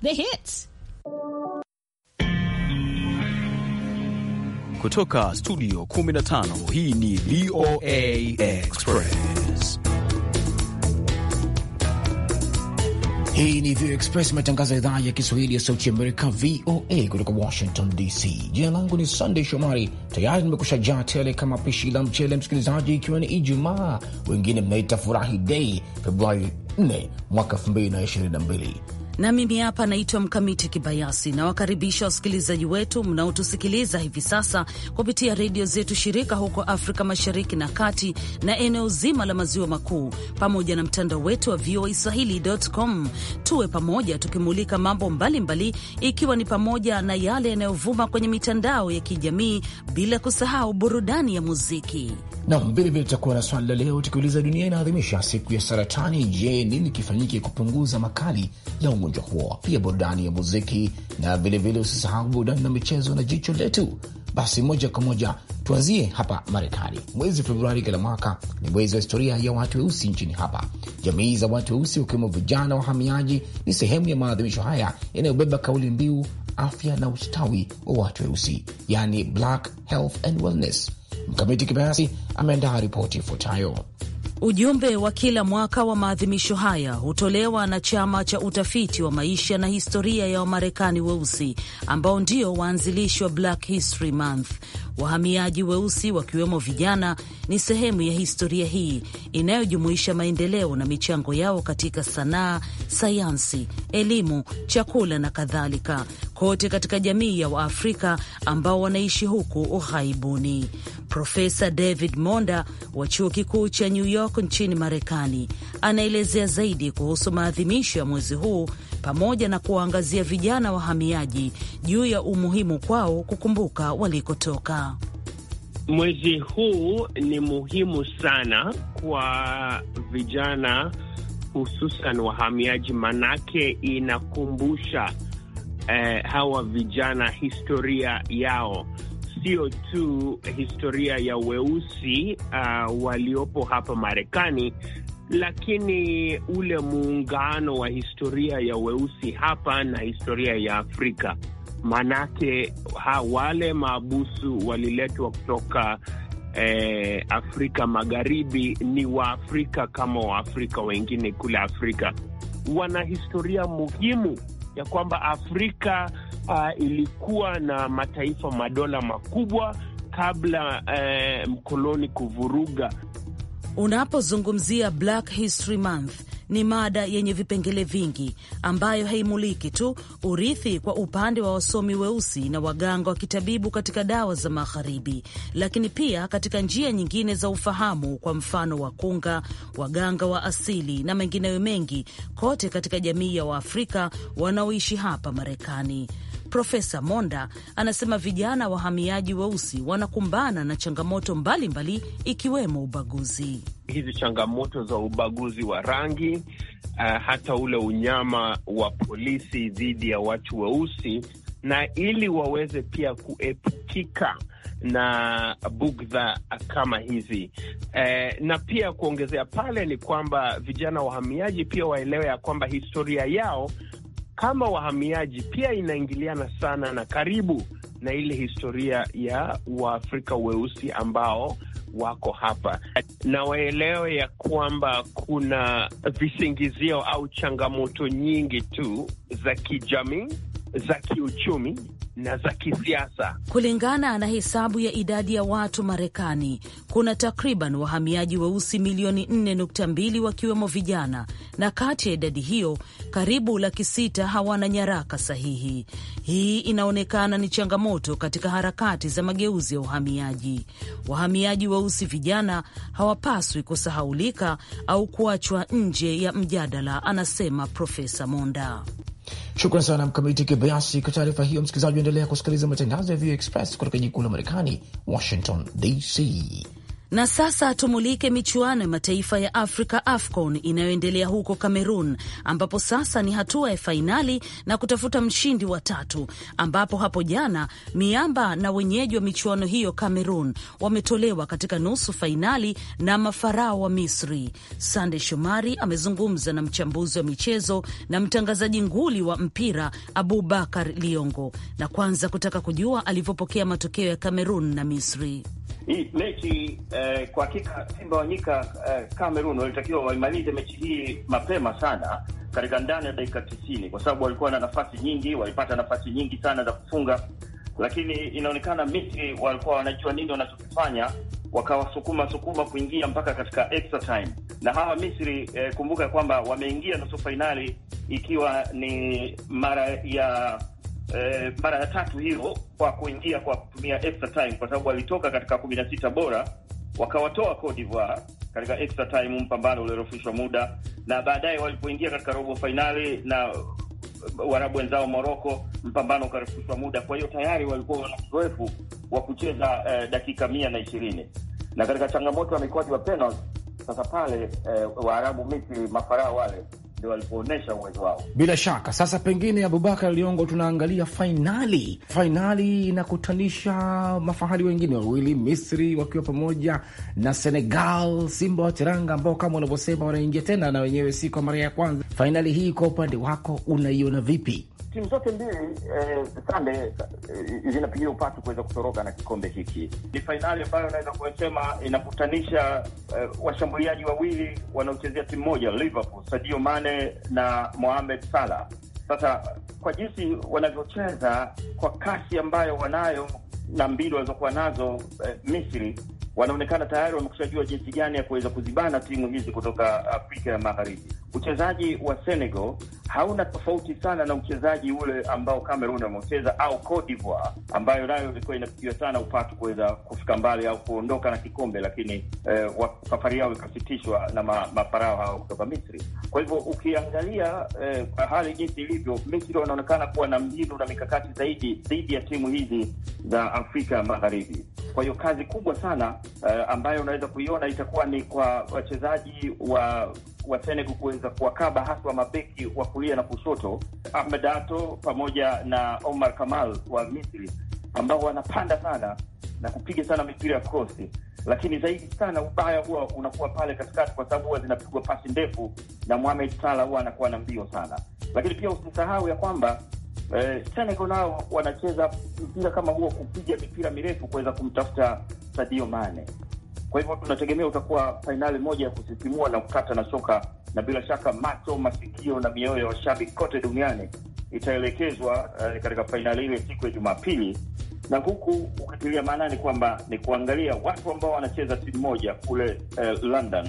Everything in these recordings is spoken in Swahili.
The hits. Kutoka studio 15 hii ni VOA Express. Hii ni VOA Express, matangazo ya idhaa ya Kiswahili ya sauti Amerika, VOA kutoka Washington DC. Jina langu ni Sandey Shomari, tayari nimekusha jaa tele kama pishi la mchele, msikilizaji, ikiwa ni Ijumaa, wengine mnaita furahi dei, Februari 4 mwaka 2022 na mimi hapa naitwa Mkamiti Kibayasi. Nawakaribisha wasikilizaji wetu mnaotusikiliza hivi sasa kupitia redio zetu shirika huko Afrika Mashariki na Kati na eneo zima la Maziwa Makuu, pamoja na mtandao wetu wa VOA Swahili.com. Tuwe pamoja tukimulika mambo mbalimbali mbali, ikiwa ni pamoja na yale yanayovuma kwenye mitandao ya kijamii, bila kusahau burudani ya muziki. Nam vilevile tutakuwa na swali la leo tukiuliza, dunia inaadhimisha siku ya saratani. Je, nini kifanyike kupunguza makali ya umu? ugonjwa huo, pia burudani ya muziki na vilevile, usisahau burudani na michezo na jicho letu. Basi moja kwa moja tuanzie hapa Marekani. Mwezi Februari kila mwaka ni mwezi wa historia ya watu weusi nchini hapa. Jamii za watu weusi wakiwemo vijana wahamiaji ni sehemu ya maadhimisho haya yanayobeba kauli mbiu afya na ustawi wa watu weusi, yani Black Health and Wellness. Mkamiti Kibayasi ameandaa ripoti ifuatayo. Ujumbe wa kila mwaka wa maadhimisho haya hutolewa na chama cha utafiti wa maisha na historia ya Wamarekani weusi ambao ndio waanzilishi wa Black History Month. Wahamiaji weusi wakiwemo vijana ni sehemu ya historia hii inayojumuisha maendeleo na michango yao katika sanaa, sayansi, elimu, chakula na kadhalika, kote katika jamii ya Waafrika ambao wanaishi huku ughaibuni. Profesa David Monda wa chuo kikuu cha New York York nchini Marekani anaelezea zaidi kuhusu maadhimisho ya mwezi huu pamoja na kuwaangazia vijana wahamiaji juu ya umuhimu kwao kukumbuka walikotoka. Mwezi huu ni muhimu sana kwa vijana, hususan wahamiaji, manake inakumbusha eh, hawa vijana historia yao sio tu historia ya weusi uh, waliopo hapa Marekani, lakini ule muungano wa historia ya weusi hapa na historia ya Afrika. Manake ha, wale maabusu waliletwa kutoka eh, Afrika Magharibi ni Waafrika kama Waafrika wengine kule Afrika, wana historia muhimu ya kwamba Afrika uh, ilikuwa na mataifa madola makubwa kabla uh, mkoloni kuvuruga Unapozungumzia Black History Month ni mada yenye vipengele vingi ambayo haimuliki tu urithi kwa upande wa wasomi weusi na waganga wa kitabibu katika dawa za magharibi, lakini pia katika njia nyingine za ufahamu, kwa mfano wakunga, waganga wa asili na mengineyo mengi, kote katika jamii ya Waafrika wanaoishi hapa Marekani. Profesa Monda anasema vijana wahamiaji weusi wanakumbana na changamoto mbalimbali mbali, ikiwemo ubaguzi, hizi changamoto za ubaguzi wa rangi uh, hata ule unyama wa polisi dhidi ya watu weusi, na ili waweze pia kuepukika na bugdha kama hizi eh, na pia kuongezea pale ni kwamba vijana wahamiaji pia waelewe ya kwamba historia yao kama wahamiaji pia inaingiliana sana na karibu na ile historia ya Waafrika weusi ambao wako hapa, na waelewe ya kwamba kuna visingizio au changamoto nyingi tu za kijamii, za kiuchumi na za kisiasa. Kulingana na hesabu ya idadi ya watu Marekani, kuna takriban wahamiaji weusi milioni 4.2 wakiwemo vijana, na kati ya idadi hiyo karibu laki sita hawana nyaraka sahihi. Hii inaonekana ni changamoto katika harakati za mageuzi ya uhamiaji. Wahamiaji weusi vijana hawapaswi kusahaulika au kuachwa nje ya mjadala, anasema Profesa Monda. Shukran sana Mkamiti Kibayasi kwa taarifa hiyo. Msikilizaji, endelea kusikiliza matangazo ya VOA Express kutoka jiji kuu la Marekani, Washington DC. Na sasa tumulike michuano ya mataifa ya Afrika, AFCON, inayoendelea huko Cameroon, ambapo sasa ni hatua ya fainali na kutafuta mshindi wa tatu, ambapo hapo jana miamba na wenyeji wa michuano hiyo Cameroon wametolewa katika nusu fainali na mafarao wa Misri. Sande Shomari amezungumza na mchambuzi wa michezo na mtangazaji nguli wa mpira Abubakar Liongo, na kwanza kutaka kujua alivyopokea matokeo ya Cameroon na Misri. Hii mechi eh, kwa hakika Simba wa nyika eh, Cameroon eh, walitakiwa waimalize mechi hii mapema sana katika ndani ya dakika tisini kwa sababu walikuwa na nafasi nyingi, walipata nafasi nyingi sana za kufunga, lakini inaonekana Misri walikuwa wanajua nini wanachokifanya, wakawasukuma sukuma kuingia mpaka katika extra time. Na hawa Misri eh, kumbuka kwamba wameingia nusu fainali ikiwa ni mara ya eh, mara ya tatu hiyo kwa kuingia kwa kutumia extra time, kwa sababu walitoka katika kumi na sita bora wakawatoa Cote d'Ivoire katika extra time, mpambano uliorefushwa muda, na baadaye walipoingia katika robo fainali na uh, warabu wenzao Moroko, mpambano ukarefushwa muda. Kwa hiyo tayari walikuwa wana uzoefu wa kucheza eh, dakika mia na ishirini na katika changamoto ya mikwaju wa penalti sasa pale eh, uh, Waarabu Misri, mafarao wale ndio walipoonyesha uwezo wao bila shaka. Sasa pengine, Abubakar Liongo, tunaangalia fainali. Fainali inakutanisha mafahali wengine wawili, Misri wakiwa pamoja na Senegal, Simba wa Teranga, ambao kama unavyosema wanaingia tena na wenyewe si kwa mara ya kwanza. Fainali hii kwa upande wako unaiona vipi? timu zote mbili eh, sande eh, zinapigia upatu kuweza kutoroka na kikombe hiki. Ni fainali ambayo unaweza kusema inakutanisha eh, washambuliaji wawili wanaochezea timu moja Liverpool, Sadio Mane na Mohamed Salah. Sasa kwa jinsi wanavyocheza, kwa kasi ambayo wanayo na mbili walizokuwa nazo eh, Misri wanaonekana tayari wamekushajua jinsi gani ya kuweza kuzibana timu hizi kutoka Afrika ya Magharibi uchezaji wa Senegal hauna tofauti sana na uchezaji ule ambao Cameroon ameucheza au Cote d'Ivoire ambayo nayo ilikuwa inapigiwa sana upatu kuweza kufika mbali au kuondoka na kikombe, lakini eh, safari yao ikasitishwa na ma, mafarao hao kutoka Misri. Kwa hivyo ukiangalia eh, kwa hali jinsi ilivyo, Misri wanaonekana kuwa na mbinu na mikakati zaidi dhidi ya timu hizi za Afrika Magharibi. Kwa hiyo kazi kubwa sana eh, ambayo unaweza kuiona itakuwa ni kwa wachezaji wa wa Senegal kuweza kuwakaba haswa mabeki wa kulia na kushoto, Ahmed Ato pamoja na Omar Kamal wa Misri ambao wanapanda sana na kupiga sana mipira ya krosi, lakini zaidi sana ubaya huwa unakuwa pale katikati, kwa sababu huwa zinapigwa pasi ndefu na Mohamed Salah huwa anakuwa na mbio sana. Lakini pia usisahau ya kwamba eh, Senegal nao wanacheza mpira kama huo, kupiga mipira mirefu kuweza kumtafuta Sadio Mane. Kwa hivyo tunategemea utakuwa fainali moja ya kusisimua na kukata na shoka, na bila shaka macho, masikio na mioyo ya washabiki kote duniani itaelekezwa uh, katika fainali ile siku ya Jumapili, na huku ukitilia maanani kwamba ni kuangalia watu ambao wanacheza timu moja kule uh, London,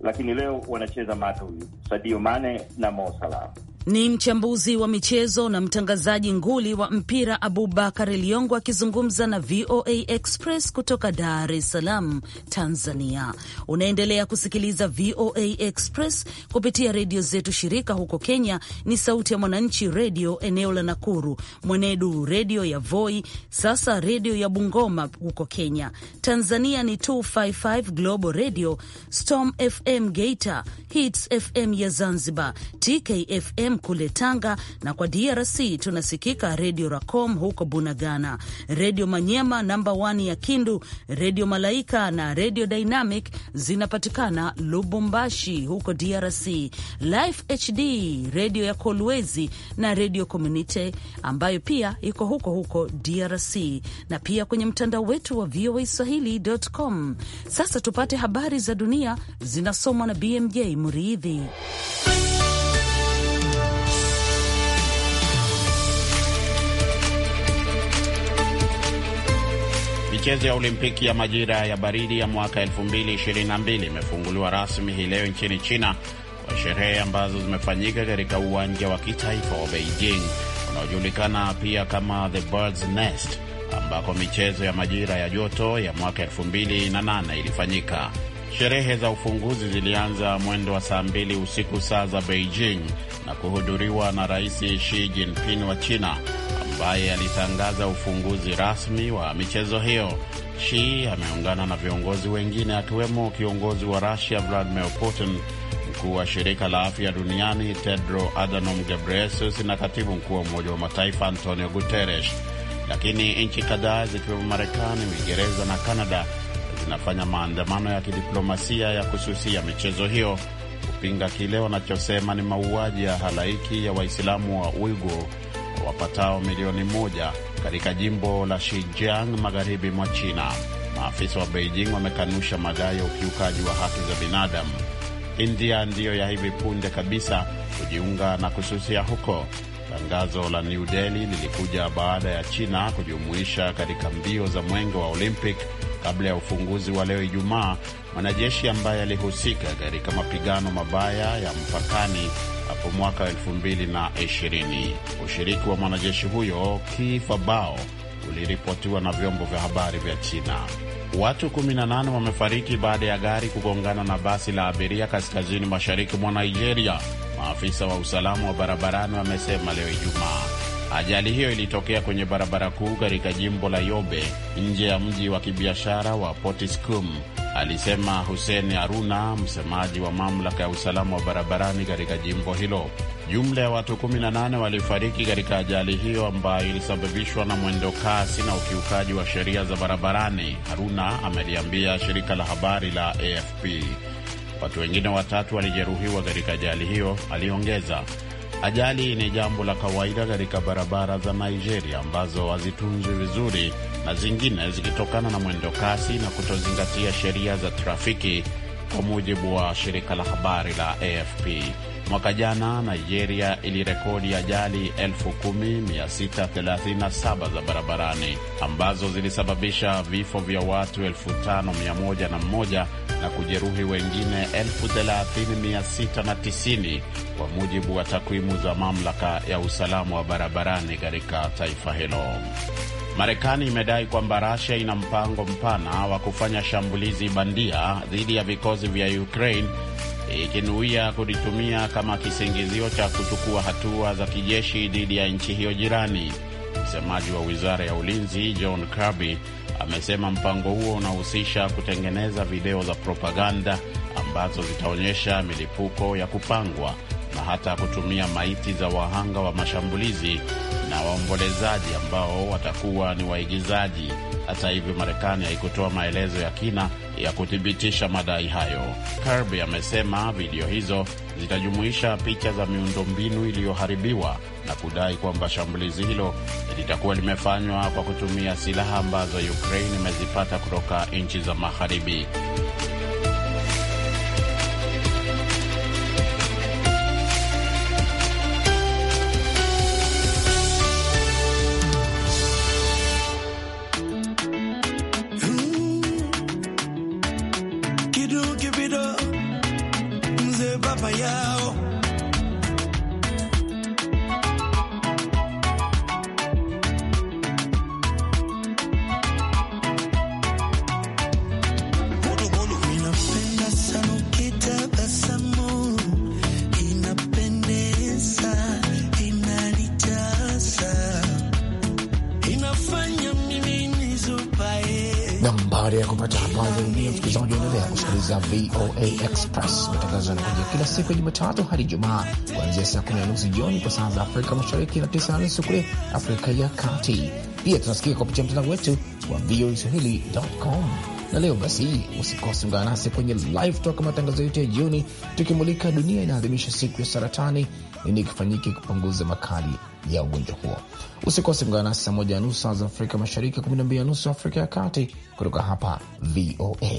lakini leo wanacheza maadui Sadio Mane na Mo Salah. Ni mchambuzi wa michezo na mtangazaji nguli wa mpira Abubakar Liongo akizungumza na VOA Express kutoka Dar es Salaam, Tanzania. Unaendelea kusikiliza VOA Express kupitia redio zetu shirika huko Kenya ni Sauti ya Mwananchi redio eneo la Nakuru, Mwenedu redio ya Voi, sasa redio ya Bungoma huko Kenya. Tanzania ni 255 Global Radio, Storm FM Geita, Hits FM ya Zanzibar, TKFM FM kule Tanga, na kwa DRC tunasikika Redio Racom huko Bunagana, Redio Manyema namba 1 ya Kindu, Redio Malaika na Redio Dynamic zinapatikana Lubumbashi huko DRC, Life HD Redio ya Kolwezi na Redio Community ambayo pia iko huko huko DRC, na pia kwenye mtandao wetu wa VOA Swahili.com. Sasa tupate habari za dunia zinasomwa na BMJ Muridhi. Michezo ya Olimpiki ya majira ya baridi ya mwaka 2022 imefunguliwa rasmi hii leo nchini China kwa sherehe ambazo zimefanyika katika uwanja wa kitaifa wa Beijing unaojulikana pia kama The Bird's Nest ambako michezo ya majira ya joto ya mwaka 2008 ilifanyika. Sherehe za ufunguzi zilianza mwendo wa saa mbili usiku saa za Beijing na kuhudhuriwa na Rais Xi Jinping wa China ambaye alitangaza ufunguzi rasmi wa michezo hiyo. Shi ameungana na viongozi wengine akiwemo kiongozi wa Russia Vladimir Putin, mkuu wa shirika la afya duniani Tedro Adhanom Ghebreyesus na katibu mkuu wa Umoja wa Mataifa Antonio Guterres. Lakini nchi kadhaa zikiwemo Marekani, Uingereza na Kanada zinafanya maandamano ya kidiplomasia ya kususia michezo hiyo kupinga kile wanachosema ni mauaji ya halaiki ya Waislamu wa Uigo wapatao milioni moja katika jimbo la Xinjiang magharibi mwa China. Maafisa wa Beijing wamekanusha madai ya ukiukaji wa haki za binadamu. India ndiyo ya hivi punde kabisa kujiunga na kususia huko. Tangazo la New Delhi lilikuja baada ya China kujumuisha katika mbio za mwenge wa Olympic kabla ya ufunguzi wa leo Ijumaa, mwanajeshi ambaye alihusika katika mapigano mabaya ya mpakani hapo mwaka 2020. Ushiriki wa mwanajeshi huyo Kifa Bao uliripotiwa na vyombo vya habari vya China. Watu 18 wamefariki baada ya gari kugongana na basi la abiria kaskazini mashariki mwa Nigeria, maafisa wa usalama wa barabarani wamesema leo Ijumaa. Ajali hiyo ilitokea kwenye barabara kuu katika jimbo la Yobe, nje ya mji wa kibiashara wa Potiskum alisema Hussein Haruna, msemaji wa mamlaka ya usalama wa barabarani katika jimbo hilo. Jumla ya watu 18 walifariki katika ajali hiyo ambayo ilisababishwa na mwendo kasi na ukiukaji wa sheria za barabarani, Haruna ameliambia shirika la habari la AFP. Watu wengine watatu walijeruhiwa katika ajali hiyo, aliongeza. Ajali ni jambo la kawaida katika barabara za Nigeria ambazo hazitunzwi vizuri na zingine zikitokana na mwendo kasi na kutozingatia sheria za trafiki, kwa mujibu wa shirika la habari la AFP. Mwaka jana Nigeria ilirekodi ajali 10637 za barabarani ambazo zilisababisha vifo vya watu 5101 na kujeruhi wengine 30690 kwa mujibu wa takwimu za mamlaka ya usalama wa barabarani katika taifa hilo. Marekani imedai kwamba Rasia ina mpango mpana wa kufanya shambulizi bandia dhidi ya vikosi vya Ukraine ikinuia kulitumia kama kisingizio cha kuchukua hatua za kijeshi dhidi ya nchi hiyo jirani. Msemaji wa wizara ya ulinzi John Kirby amesema mpango huo unahusisha kutengeneza video za propaganda ambazo zitaonyesha milipuko ya kupangwa na hata kutumia maiti za wahanga wa mashambulizi na waombolezaji ambao watakuwa ni waigizaji. Hata hivyo, Marekani haikutoa maelezo ya kina ya kuthibitisha madai hayo. Kirby amesema video hizo zitajumuisha picha za miundombinu iliyoharibiwa na kudai kwamba shambulizi hilo litakuwa limefanywa kwa kutumia silaha ambazo Ukraine imezipata kutoka nchi za magharibi. kupata habari za dunia, msikilizaji, waendelea kusikiliza VOA Express. Matangazo yanakuja kila siku ya Jumatatu hadi Jumaa, kuanzia saa kumi na nusu jioni kwa saa za Afrika Mashariki na tisa na nusu kule Afrika ya Kati. Pia tunasikika kupitia mtandao wetu wa voaswahili.com na leo basi, usikose, ungana nasi kwenye live talk, matangazo yetu ya jioni, tukimulika dunia inaadhimisha siku ya saratani, nini kifanyike kupunguza makali ya ugonjwa huo. Usikose, ungana nasi saa moja nusu za Afrika Mashariki, kumi na mbili nusu Afrika ya Kati, kutoka hapa VOA.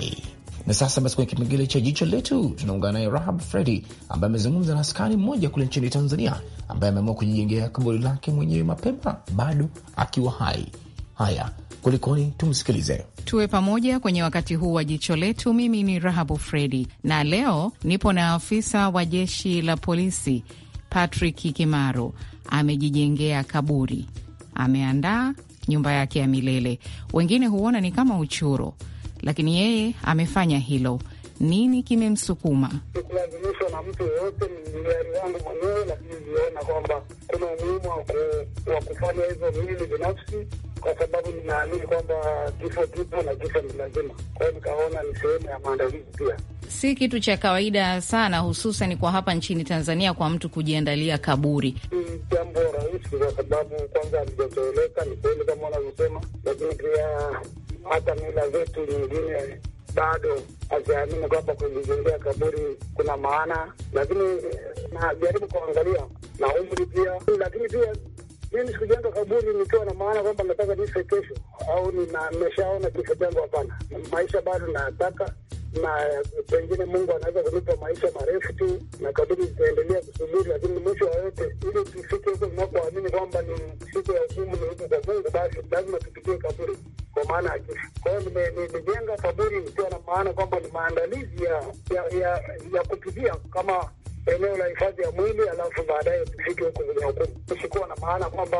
Na sasa basi, kwenye kipengele cha jicho letu tunaungana naye Rahab Fredi ambaye amezungumza na askari mmoja kule nchini Tanzania ambaye ameamua kujijengea kaburi lake mwenyewe mapema bado akiwa hai. Haya, kulikoni? Tumsikilize, tuwe pamoja kwenye wakati huu wa jicho letu. Mimi ni Rahabu Fredi na leo nipo na afisa wa jeshi la polisi Patrick Kimaro. Amejijengea kaburi, ameandaa nyumba yake ya milele. Wengine huona ni kama uchuro, lakini yeye amefanya hilo nini kimemsukuma? Sikulazimishwa na mtu yeyote, ni hiari yangu mwenyewe, lakini niliona kwamba kuna umuhimu wa kufanya hizo mimi binafsi, kwa sababu ninaamini kwamba kifo kipo na kifo ni lazima. Kwa hiyo nikaona ni sehemu ya maandalizi pia si kitu cha kawaida sana, hususan kwa hapa nchini Tanzania, kwa mtu kujiandalia kaburi. Si jambo rahisi, kwa sababu kwanza alijazoeleka, ni kweli kama wanavyosema, lakini pia hata mila zetu nyingine bado haziamini kwamba kujijengea kaburi kuna maana, lakini eh, najaribu kuangalia na umri pia, lakini pia mimi sikujenga kaburi nikiwa na maana kwamba nataka nife kesho au nimeshaona kifo changu. Hapana, maisha bado nataka na pengine Mungu anaweza kunipa maisha marefu tu, na kabidi zitaendelea kusubiri, lakini mwisho wa yote, ili tufike huko tunapoamini kwamba ni siku ya hukumu ni huku kwa Mungu, basi lazima tupitie kaburi kwa maana ya kifo. Kwa hiyo nimejenga kaburi ikiwa na maana kwamba ni maandalizi ya ya, ya, ya kupitia kama eneo la hifadhi ya mwili, alafu baadaye tufike huko zina hukumu. sikuwa na maana kwamba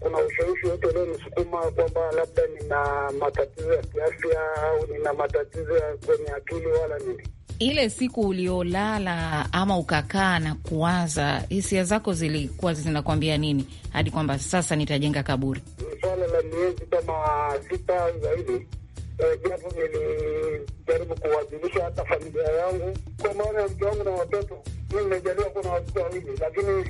kuna ushawishi wote ulionisukuma kwamba labda nina matatizo ya kiafya au nina matatizo ya kwenye akili wala nini. Ile siku uliolala ama ukakaa na kuwaza, hisia zako zilikuwa zinakwambia nini hadi kwamba sasa nitajenga kaburi? Ni swala la miezi kama sita zaidi japo eh, nilijaribu kuwajulisha hata familia yangu, kwa maana ya mke wangu na watoto. Mi nimejaliwa kuna na watoto wawili, lakini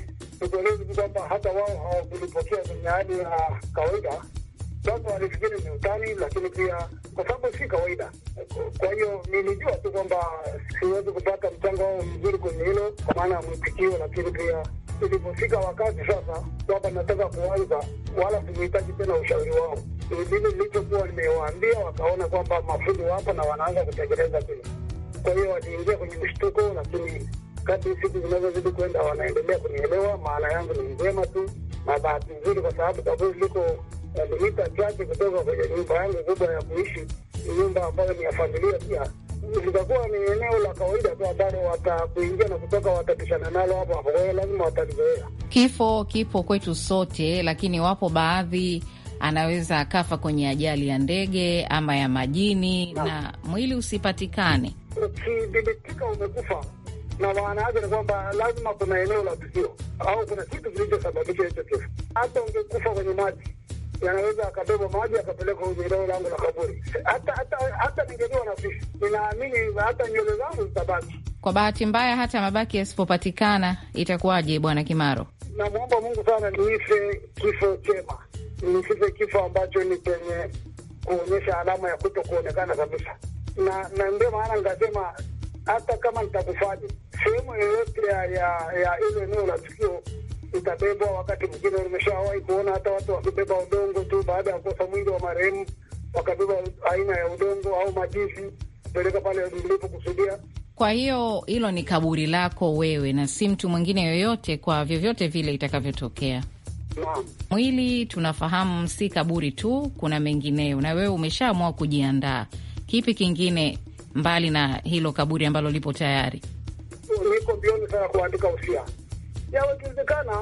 uelezi kwamba hata wao hawakulipokea kwenye hali ya kawaida mambo alifikiri ni utani, lakini pia kwa sababu si kawaida. Kwa hiyo nilijua tu kwamba siwezi kupata mchango wao mzuri kwenye hilo, kwa maana ya mwitikio, lakini pia ilivyofika wakati sasa kwamba nataka kuanza, wala sikuhitaji tena ushauri wao. Lile nilichokuwa nimewaambia, wakaona kwamba mafundi wapo na wanaanza kutekeleza kile. Kwa hiyo waliingia kwenye mshtuko, lakini kati siku zinazozidi kwenda, wanaendelea kunielewa. Maana yangu ni njema tu, na bahati nzuri, kwa sababu kaburi liko kilomita chache kutoka kwenye nyumba yangu kubwa ya kuishi, nyumba ambayo ni ya familia pia litakuwa ni eneo la kawaida tu ambalo watakuingia na kutoka watapishana nalo hapo hapo, kwa hiyo lazima watalizoea. Kifo kipo kwetu sote, lakini wapo baadhi anaweza akafa kwenye ajali ya ndege ama ya majini na, na mwili usipatikane. Ukidhibitika umekufa na maana yake ni kwamba lazima kuna eneo la tukio au kuna kitu kilichosababisha hicho kifo, hata ungekufa kwenye maji yanaweza akabeba maji akapeleka kwenye eneo langu la kaburi. Hata hata hata ningejua na sisi, ninaamini hata nywele zangu zitabaki. Kwa bahati mbaya, hata mabaki yasipopatikana itakuwaje, Bwana Kimaro? Namwomba Mungu sana niife kifo chema, nisife kifo ambacho ni penye kuonyesha alama ya kuto kuonekana kabisa, na na ndio maana nikasema hata kama nitakufaje sehemu yoyote ya ya ile eneo la tukio utabebwa. Wakati mwingine umeshawahi kuona hata watu wakibeba udongo tu, baada ya kukosa mwili wa marehemu, wakabeba aina ya udongo au majivu kupeleka pale kusudia. Kwa hiyo hilo ni kaburi lako wewe na si mtu mwingine yoyote, kwa vyovyote vile itakavyotokea. Mwili tunafahamu si kaburi tu, kuna mengineyo, na wewe umeshaamua kujiandaa. Kipi kingine mbali na hilo kaburi ambalo lipo tayari? Niko mbioni sana kuandika usia yawe ikiwezekana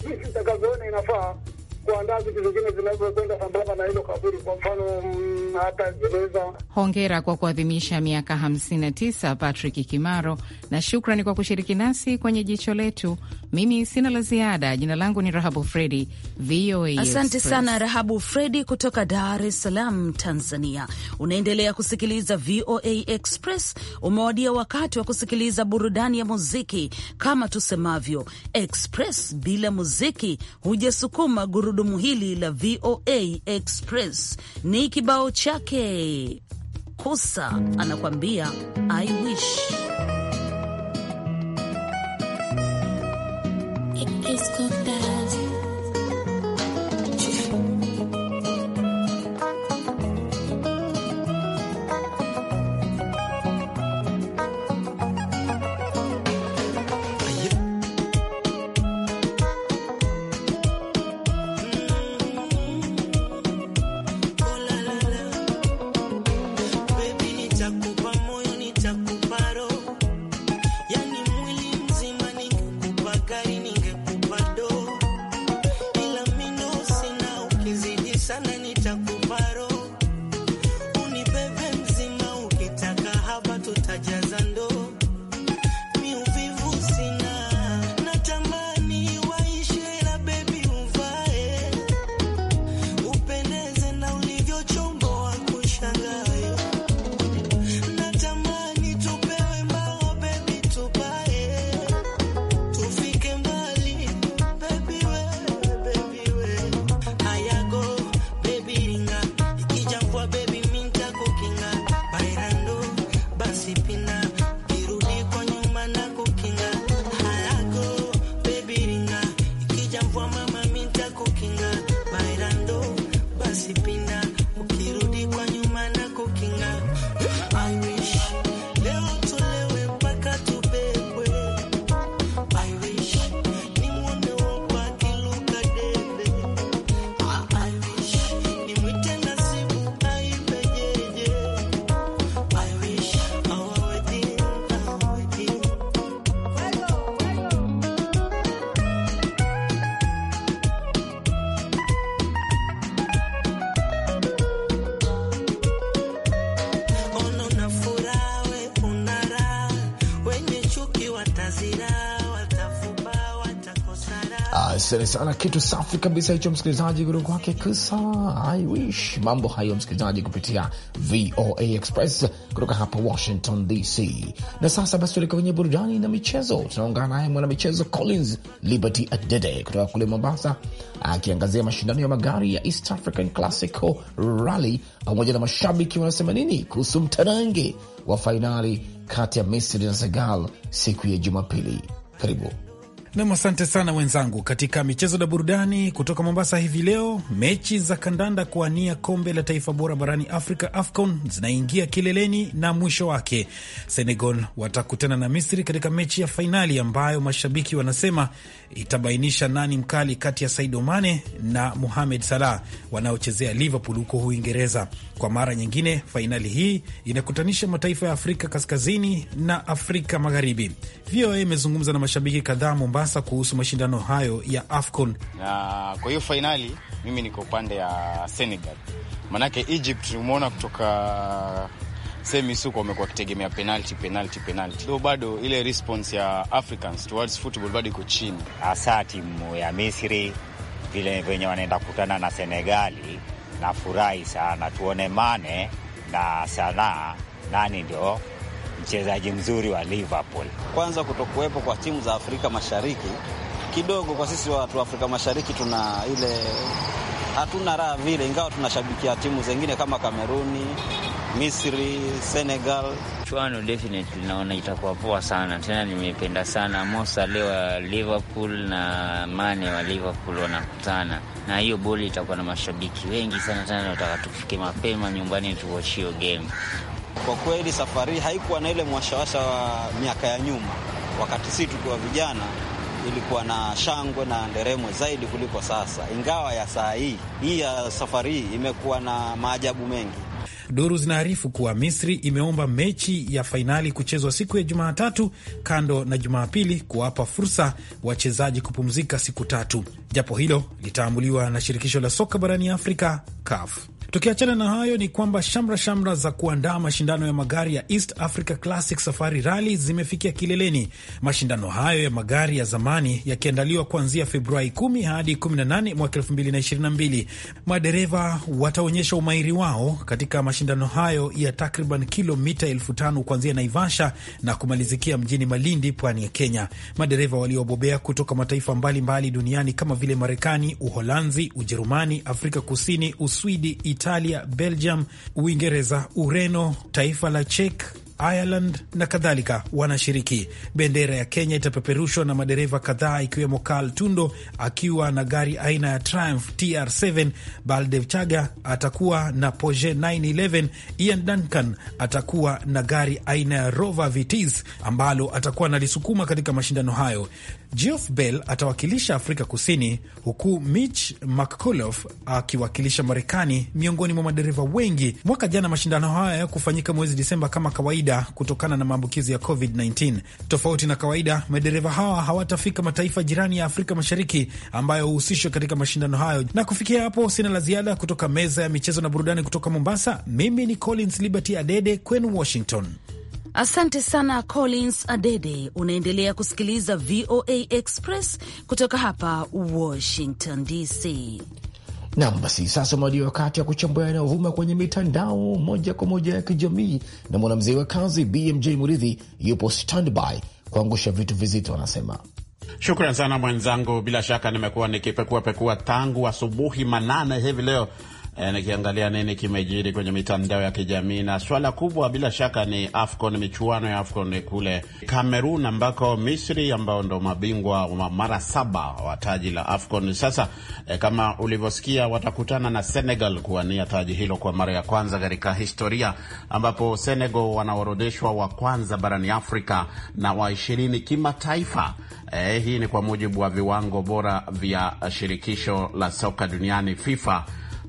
jinsi itakavyoona inafaa kuandaa vitu vingine vinavyokwenda sambamba na hilo kaburi, kwa mfano mm, hata gereza. Hongera kwa kuadhimisha miaka 59 Patrick Kimaro, na shukrani kwa kushiriki nasi kwenye jicho letu. Mimi sina la ziada. Jina langu ni Rahabu Fredi, VOA. Asante sana Rahabu Fredi kutoka Dar es Salaam, Tanzania. Unaendelea kusikiliza VOA Express. Umewadia wakati wa kusikiliza burudani ya muziki. Kama tusemavyo, express bila muziki hujasukuma guru gurudumu hili la VOA Express ni kibao chake Kosa anakwambia I wish Asante sana, kitu safi kabisa hicho msikilizaji, kutoka kwake kusa I wish. Mambo hayo msikilizaji, kupitia VOA Express kutoka hapa Washington DC. Na sasa basi, tuelekea kwenye burudani na michezo. Tunaungana naye mwanamichezo Collins Liberty Adede kutoka kule Mombasa, akiangazia mashindano ya magari ya East African Classical Rally, pamoja na mashabiki wanasema nini kuhusu mtarange wa fainali kati ya Misri na Senegal siku ya Jumapili. Karibu. Nam, asante sana wenzangu. Katika michezo na burudani kutoka Mombasa hivi leo, mechi za kandanda kuania kombe la taifa bora barani Afrika, AFCON, zinaingia kileleni na mwisho wake Senegal watakutana na Misri katika mechi ya fainali ambayo mashabiki wanasema itabainisha nani mkali kati ya Sadio Mane na Muhamed Salah wanaochezea Liverpool huko Uingereza. Kwa mara nyingine, fainali hii inakutanisha mataifa ya Afrika kaskazini na Afrika magharibi. VOA imezungumza na mashabiki kadhaa Mombasa Mombasa kuhusu mashindano hayo ya AFCON. Na kwa hiyo fainali mimi niko upande ya Senegal, maanake Egypt umeona kutoka semi suko wamekuwa wakitegemea penalti penalti penalti, o bado ile response ya Africans towards football bado iko chini, hasa timu ya Misri vile venye wanaenda kukutana na Senegali. Nafurahi sana tuone Mane na Sanaa nani ndio mchezaji mzuri wa Liverpool. Kwanza kutokuwepo kwa timu za Afrika Mashariki kidogo, kwa sisi watu wa Afrika Mashariki tuna ile hatuna raha vile, ingawa tunashabikia timu zingine kama Kameruni, Misri, Senegal. Chuano definitely naona itakuwa poa sana tena. Nimependa sana Mosa leo wa Liverpool na Mane wa Liverpool wanakutana, na hiyo boli itakuwa na mashabiki wengi sana tena, nataka tufike mapema nyumbani tuwatch game. Kwa kweli safari haikuwa na ile mwashawasha wa miaka ya nyuma, wakati sisi tukiwa vijana ilikuwa na shangwe na nderemwe zaidi kuliko sasa, ingawa ya saa hii hii ya safari hii imekuwa na maajabu mengi. Duru zinaarifu kuwa Misri imeomba mechi ya fainali kuchezwa siku ya Jumatatu kando na Jumapili, kuwapa fursa wachezaji kupumzika siku tatu, japo hilo litaambuliwa na shirikisho la soka barani Afrika, CAF. Tukiachana na hayo, ni kwamba shamra shamra za kuandaa mashindano ya magari ya East Africa Classic Safari Rally zimefikia kileleni, mashindano hayo ya magari ya zamani yakiandaliwa kuanzia Februari 10 hadi 18 mwaka 2022. Madereva wataonyesha umahiri wao katika mashindano hayo ya takriban kilomita elfu tano kuanzia Naivasha na kumalizikia mjini Malindi, pwani ya Kenya. Madereva waliobobea kutoka mataifa mbalimbali mbali duniani kama vile Marekani, Uholanzi, Ujerumani, Afrika Kusini, Uswidi, Italia, Belgium, Uingereza, Ureno, taifa la Czech, Ireland na kadhalika wanashiriki. Bendera ya Kenya itapeperushwa na madereva kadhaa ikiwemo Karl Tundo akiwa na gari aina ya Triumph TR7. Baldev Chaga atakuwa na Porsche 911. Ian Duncan atakuwa na gari aina ya Rover Vitis ambalo atakuwa analisukuma katika mashindano hayo. Geoff Bell atawakilisha Afrika Kusini, huku Mitch mcculof akiwakilisha Marekani, miongoni mwa madereva wengi. Mwaka jana mashindano haya ya kufanyika mwezi Disemba kama kawaida, kutokana na maambukizi ya COVID-19. Tofauti na kawaida, madereva hawa hawatafika mataifa jirani ya Afrika Mashariki ambayo huhusishwa katika mashindano hayo. Na kufikia hapo, sina la ziada kutoka meza ya michezo na burudani kutoka Mombasa. Mimi ni Collins Liberty Adede kwenu Washington. Asante sana Collins Adede. Unaendelea kusikiliza VOA Express kutoka hapa Washington DC. Nam, basi sasa mwadia wakati ya kuchambua yanayovuma kwenye mitandao moja kwa moja ya kijamii, na mwanamzee wa kazi BMJ Muridhi yupo standby kuangusha vitu vizito, anasema. Shukran sana mwenzangu, bila shaka nimekuwa nikipekuapekua tangu asubuhi manane hivi leo e, nikiangalia nini kimejiri kwenye mitandao ya kijamii, na swala kubwa bila shaka ni AFCON, michuano ya AFCON kule Kamerun, ambako Misri ambao ndo mabingwa wa mara saba wa taji la AFCON sasa e, kama ulivyosikia watakutana na Senegal kuwania taji hilo kwa mara ya kwanza katika historia, ambapo Senegal wanaorodeshwa wa kwanza barani Afrika na wa ishirini kimataifa. E, hii ni kwa mujibu wa viwango bora vya shirikisho la soka duniani FIFA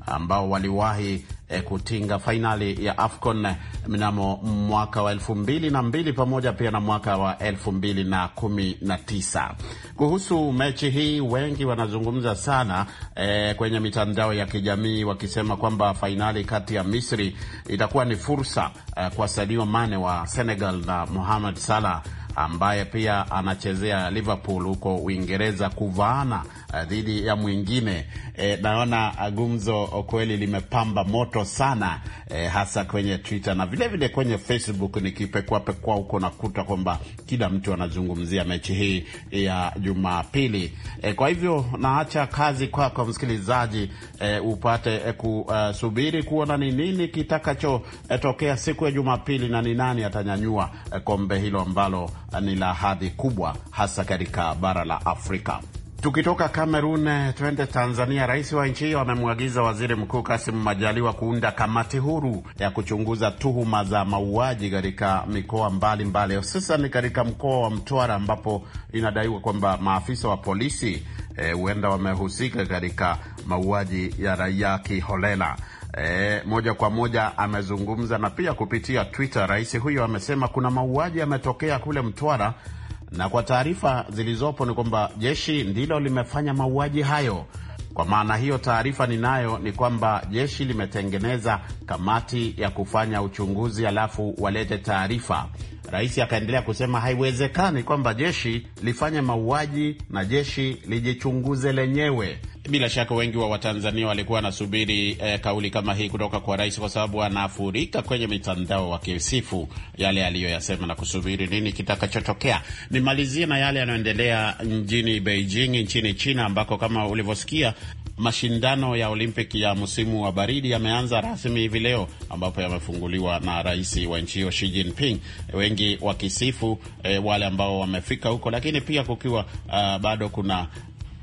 ambao waliwahi eh, kutinga fainali ya AFCON eh, mnamo mwaka wa elfu mbili na mbili pamoja pia na mwaka wa elfu mbili na kumi na tisa. Kuhusu mechi hii wengi wanazungumza sana eh, kwenye mitandao ya kijamii wakisema kwamba fainali kati ya Misri itakuwa ni fursa eh, kwa Sadio Mane wa Senegal na Mohamed Salah ambaye pia anachezea Liverpool huko Uingereza kuvaana Eh, dhidi ya mwingine. E, naona gumzo kweli limepamba moto sana e, hasa kwenye Twitter na vilevile vile kwenye Facebook. Nikipekuapekua huko nakuta kwamba kila mtu anazungumzia mechi hii ya Jumapili. E, kwa hivyo naacha kazi kwako kwa msikilizaji, e, upate e, kusubiri kuona ni nini kitakachotokea siku ya Jumapili na ni nani atanyanyua kombe hilo ambalo ni la hadhi kubwa hasa katika bara la Afrika. Tukitoka Kamerun eh, twende Tanzania. Rais wa nchi hiyo amemwagiza waziri mkuu Kasimu Majaliwa kuunda kamati huru ya kuchunguza tuhuma za mauaji katika mikoa mbalimbali, hususan katika mkoa wa Mtwara ambapo inadaiwa kwamba maafisa wa polisi eh, huenda e, wamehusika katika mauaji ya raia kiholela. E, moja kwa moja amezungumza na pia kupitia Twitter rais huyo amesema kuna mauaji yametokea kule Mtwara na kwa taarifa zilizopo ni kwamba jeshi ndilo limefanya mauaji hayo. Kwa maana hiyo, taarifa ninayo ni kwamba jeshi limetengeneza kamati ya kufanya uchunguzi, alafu walete taarifa. Rais akaendelea kusema haiwezekani kwamba jeshi lifanye mauaji na jeshi lijichunguze lenyewe. Bila shaka wengi wa Watanzania walikuwa wanasubiri eh, kauli kama hii kutoka kwa rais, kwa sababu anafurika kwenye mitandao wakisifu yale aliyoyasema na kusubiri nini kitakachotokea. Nimalizie na yale yanayoendelea mjini Beijing nchini China, ambako kama ulivyosikia Mashindano ya olimpik ya msimu wa baridi yameanza rasmi hivi leo, ambapo yamefunguliwa na rais wa nchi hiyo Xi Jinping, wengi wakisifu e, wale ambao wamefika huko, lakini pia kukiwa uh, bado kuna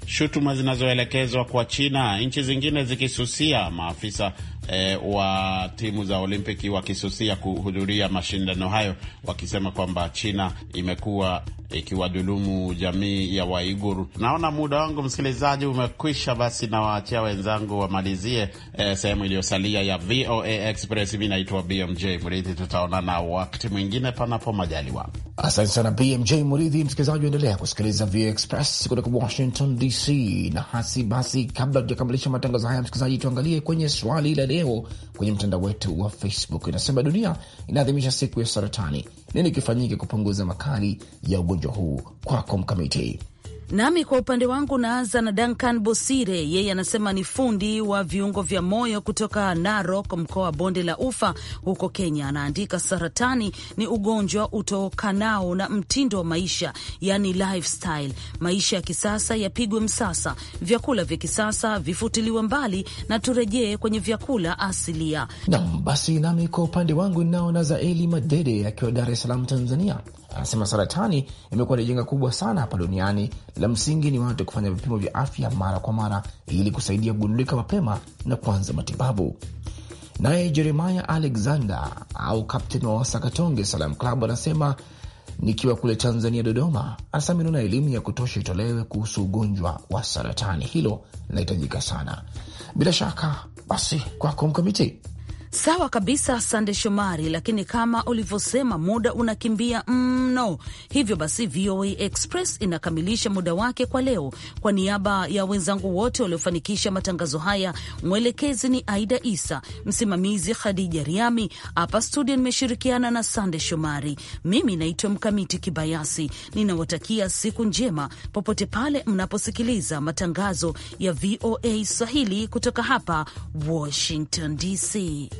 shutuma zinazoelekezwa kwa China, nchi zingine zikisusia maafisa E, wa timu za Olimpiki wakisusia kuhudhuria mashindano hayo wakisema kwamba China imekuwa ikiwadhulumu jamii ya Waiguru. Naona muda wangu msikilizaji umekwisha, basi nawaachia wenzangu wamalizie eh, sehemu iliyosalia ya VOA Express. Mi naitwa BMJ Mridhi, tutaonana wakati mwingine panapo majaliwa. Asante sana BMJ Mridhi. Msikilizaji, endelea kusikiliza VOA Express kutoka Washington DC na hasi basi, kabla tujakamilisha matangazo haya, msikilizaji, tuangalie kwenye swali la leo kwenye mtandao wetu wa Facebook. Inasema dunia inaadhimisha siku ya saratani nini kifanyike kupunguza makali ya ugonjwa huu? Kwako Mkamiti. Nami kwa upande wangu naanza na Duncan Bosire, yeye anasema ni fundi wa viungo vya moyo kutoka Narok, mkoa wa bonde la ufa huko Kenya. Anaandika, saratani ni ugonjwa utokanao na mtindo wa maisha, yani lifestyle. Maisha ya kisasa yapigwe msasa, vyakula vya kisasa vifutiliwe mbali na turejee kwenye vyakula asilia. Nam basi, nami kwa upande wangu naona Zaeli Madede akiwa Dar es Salaam, Tanzania Anasema saratani imekuwa ni janga kubwa sana hapa duniani. La msingi ni watu kufanya vipimo vya afya mara kwa mara ili kusaidia kugundulika mapema na kuanza matibabu. Naye Jeremiah Alexander au Kapten wa Wasakatonge Salam Club anasema nikiwa kule Tanzania, Dodoma, anasema naona elimu ya kutosha itolewe kuhusu ugonjwa wa saratani, hilo linahitajika sana. Bila shaka basi, kwako Mkamiti. Sawa kabisa, Sande Shomari, lakini kama ulivyosema muda unakimbia mno. Mm, hivyo basi VOA Express inakamilisha muda wake kwa leo. Kwa niaba ya wenzangu wote waliofanikisha matangazo haya, mwelekezi ni Aida Isa, msimamizi Khadija Riami, hapa studio nimeshirikiana na Sande Shomari. Mimi naitwa Mkamiti Kibayasi, ninawatakia siku njema popote pale mnaposikiliza matangazo ya VOA Swahili kutoka hapa Washington DC.